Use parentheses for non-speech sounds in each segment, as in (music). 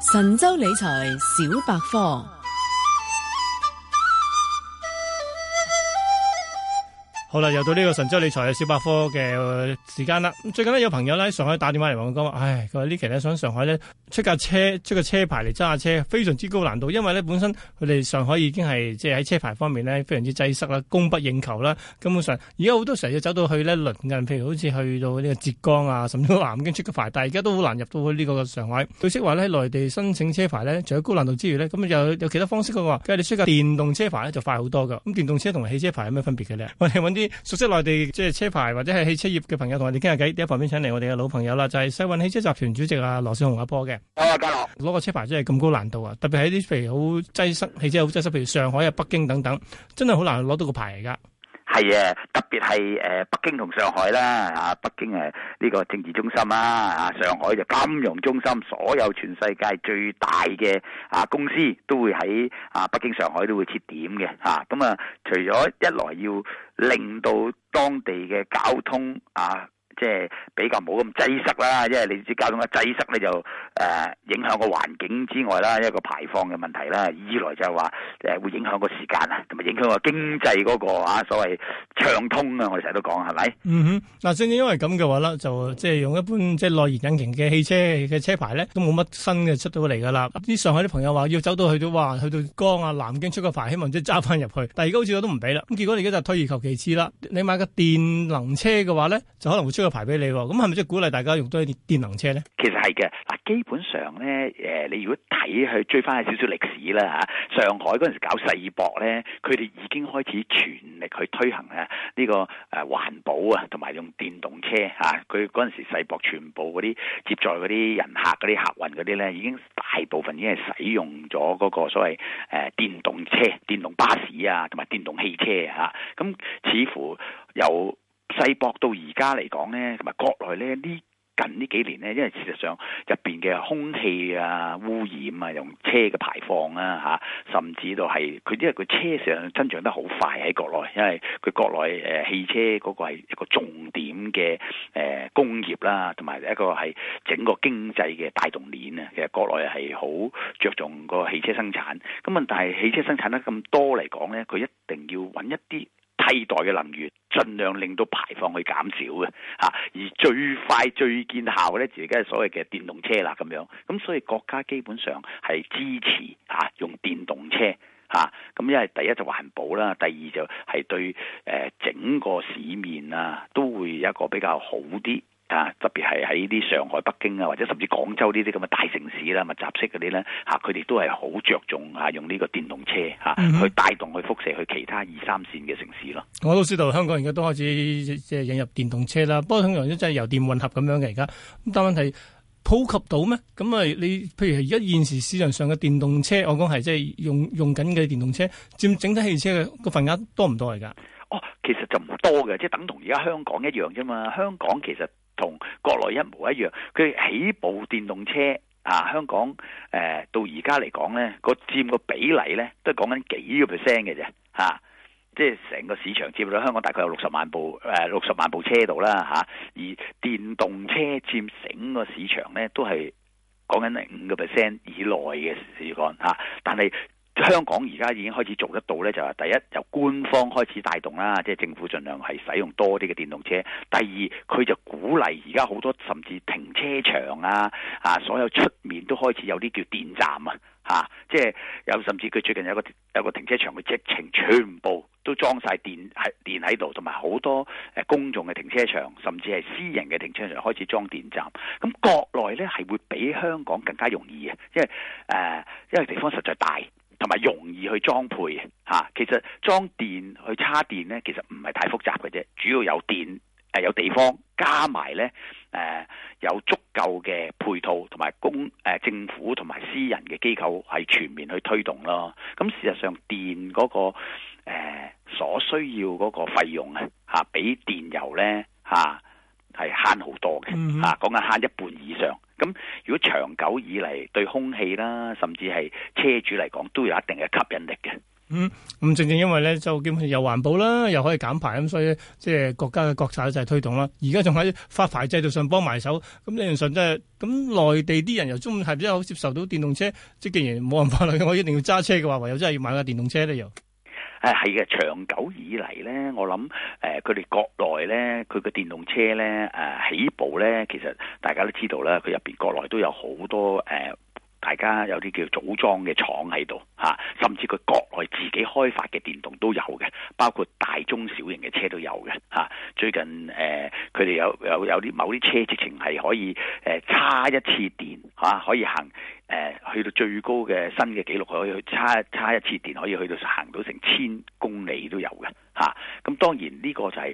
神州理財小百科。好啦，又到呢個神州理財嘅小百科嘅時間啦。咁最近呢，有朋友咧上海打電話嚟問我講話，唉、哎，佢話呢期咧想上海咧出架車，出個車牌嚟揸下車，非常之高難度，因為咧本身佢哋上海已經係即係喺車牌方面咧非常之擠塞啦，供不應求啦。根本上，而家好多時候要走到去咧鄰近，譬如好似去到呢個浙江啊，甚至南京出個牌，但係而家都好難入到去呢個上海。據悉話呢，內地申請車牌咧，除咗高難度之餘咧，咁有有其他方式嘅話佢話你出架電動車牌咧就快好多嘅，咁電動車同汽車牌有咩分別嘅咧？我、啊、哋啲熟悉內地即係車牌或者係汽車業嘅朋友同我哋傾下偈，喺旁邊請嚟我哋嘅老朋友啦，就係、是、世運汽車集團主席啊羅少雄阿波嘅。好啊，攞 (noise) 個車牌真係咁高難度啊，特別係啲譬如好擠塞，汽車好擠塞，譬如上海啊、北京等等，真係好難攞到個牌嚟噶。係啊，特別係誒北京同上海啦，啊北京誒呢個政治中心啦，啊上海就金融中心，所有全世界最大嘅啊公司都會喺啊北京、上海都會設點嘅，咁啊，除咗一來要令到當地嘅交通啊。即係比較冇咁擠塞啦，因為你知交通嘅擠塞咧就誒、呃、影響個環境之外啦，一個排放嘅問題啦。二來就係話誒會影響個時間個啊，同埋影響個經濟嗰個啊所謂暢通啊。我哋成日都講係咪？嗯哼，嗱，正正因為咁嘅話啦，就即係用一般即係內燃引擎嘅汽車嘅車牌咧，都冇乜新嘅出到嚟㗎啦。啲上海啲朋友話要走到去到話去到江啊、南京出個牌，希望即係揸翻入去。但係而家好似我都唔俾啦。咁結果而家就退而求其次啦。你買個電能車嘅話咧，就可能會出。排俾你，咁係咪即係鼓勵大家用多啲電能車呢？其實係嘅，嗱，基本上呢，誒、呃，你如果睇去追翻起少少歷史啦吓，上海嗰陣時搞世博呢，佢哋已經開始全力去推行啊、這、呢個誒環、呃、保啊，同埋用電動車吓，佢嗰陣時世博全部嗰啲接載嗰啲人客嗰啲客運嗰啲呢，已經大部分已經係使用咗嗰個所謂誒、呃、電動車、電動巴士啊，同埋電動汽車啊，咁似乎有。世博到而家嚟講咧，同埋國內咧呢近呢幾年咧，因為事實上入邊嘅空氣啊，污染啊，用車嘅排放啊，嚇，甚至到係佢因為佢車上增長得好快喺國內，因為佢國內誒汽車嗰個係一個重點嘅誒工業啦，同埋一個係整個經濟嘅大動鏈啊。其實國內係好着重個汽車生產，咁啊，但係汽車生產得咁多嚟講咧，佢一定要揾一啲。替代嘅能源，儘量令到排放去減少嘅嚇、啊，而最快最見效咧，就係所謂嘅電動車啦咁樣。咁所以國家基本上係支持嚇、啊、用電動車嚇，咁、啊、因為第一就環保啦，第二就係對誒、呃、整個市面啊都會有一個比較好啲。啊！特別係喺啲上海、北京啊，或者甚至廣州呢啲咁嘅大城市啦，密集式嗰啲咧嚇，佢哋都係好着重用呢個電動車嚇、mm -hmm. 去帶動、去輻射、去其他二三線嘅城市咯。我都知道香港而家都開始即係引入電動車啦，不過通常都即係油電混合咁樣嘅而家。咁但係問題普及到咩？咁啊，你譬如而家現時市場上嘅電動車，我講係即係用用緊嘅電動車佔整體汽車嘅個份額多唔多？而家哦，其實就唔多嘅，即係等同而家香港一樣啫嘛。香港其實。同國內一模一樣，佢起步電動車啊，香港誒、呃、到而家嚟講咧，個佔個比例咧，都係講緊幾個 percent 嘅啫，嚇、啊，即係成個市場佔到香港大概有六十萬部誒六十萬部車度啦嚇，而電動車佔整個市場咧，都係講緊五個 percent 以內嘅事幹嚇，但係。香港而家已經開始做得到呢，就係第一由官方開始帶動啦，即係政府盡量係使用多啲嘅電動車。第二佢就鼓勵而家好多甚至停車場啊，啊所有出面都開始有啲叫電站啊，嚇、啊！即係有甚至佢最近有個有個停車場佢直情全部都裝晒電喺電喺度，同埋好多誒公眾嘅停車場，甚至係私人嘅停車場開始裝電站。咁國內呢係會比香港更加容易嘅，因為誒因為地方實在大。同埋容易去裝配吓、啊，其實裝電去叉電咧，其實唔係太複雜嘅啫，主要有電誒有地方加埋咧誒有足夠嘅配套同埋公誒、啊、政府同埋私人嘅機構係全面去推動咯。咁、啊、事實上電嗰、那個、啊、所需要嗰個費用啊吓比電油咧吓，係慳好多嘅吓，講緊慳一半以上。咁如果長久以嚟對空氣啦，甚至係車主嚟講都有一定嘅吸引力嘅。嗯，咁正正因為咧就基本上又環保啦，又可以減排咁，所以即係國家嘅國策就係推動啦。而家仲喺發牌制度上幫埋手，咁理論上即係咁內地啲人又中係咪真係好接受到電動車？即係既然冇人發啦，我一定要揸車嘅話，唯有真係要買架電動車咧又。誒係嘅，長久以嚟咧，我諗誒佢哋國內咧，佢個電動車咧誒、呃、起步咧，其實大家都知道啦，佢入邊國內都有好多誒、呃，大家有啲叫組裝嘅廠喺度嚇，甚至佢國內自己開發嘅電動都有嘅，包括大中小型嘅車都有嘅嚇、啊。最近誒佢哋有有有啲某啲車直情係可以誒，叉、呃、一次電嚇、啊、可以行。誒去到最高嘅新嘅記錄，佢可以去差差一次電可以去到行到成千公里都有嘅。咁、啊、當然呢個就係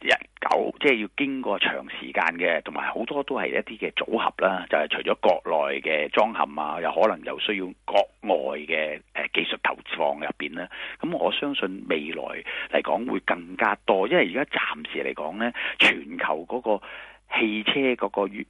日久即係要經過長時間嘅，同埋好多都係一啲嘅組合啦。就係、是、除咗國內嘅裝嵌啊，又可能又需要國外嘅技術投放入邊啦。咁我相信未來嚟講會更加多，因為而家暫時嚟講咧，全球嗰個汽車嗰個誒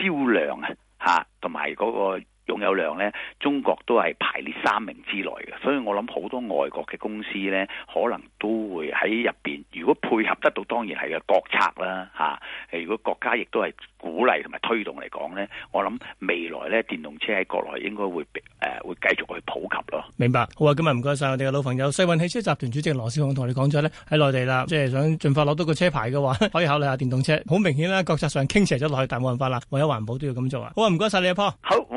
銷量啊同埋嗰個。擁有量咧，中國都係排列三名之內嘅，所以我諗好多外國嘅公司咧，可能都會喺入邊。如果配合得到，當然係個國策啦、啊，如果國家亦都係鼓勵同埋推動嚟講咧，我諗未來咧，電動車喺國內應該會誒、呃、會繼續去普及咯。明白，好啊，今日唔該晒我哋嘅老朋友世運汽車集團主席羅少雄同你講咗咧，喺內地啦，即係想盡快攞到個車牌嘅話， (laughs) 可以考慮下電動車。好明顯啦、啊，國策上傾斜咗落去，但冇辦法啦，為咗環保都要咁做啊。好啊，唔該晒你阿、啊、Paul，好，唔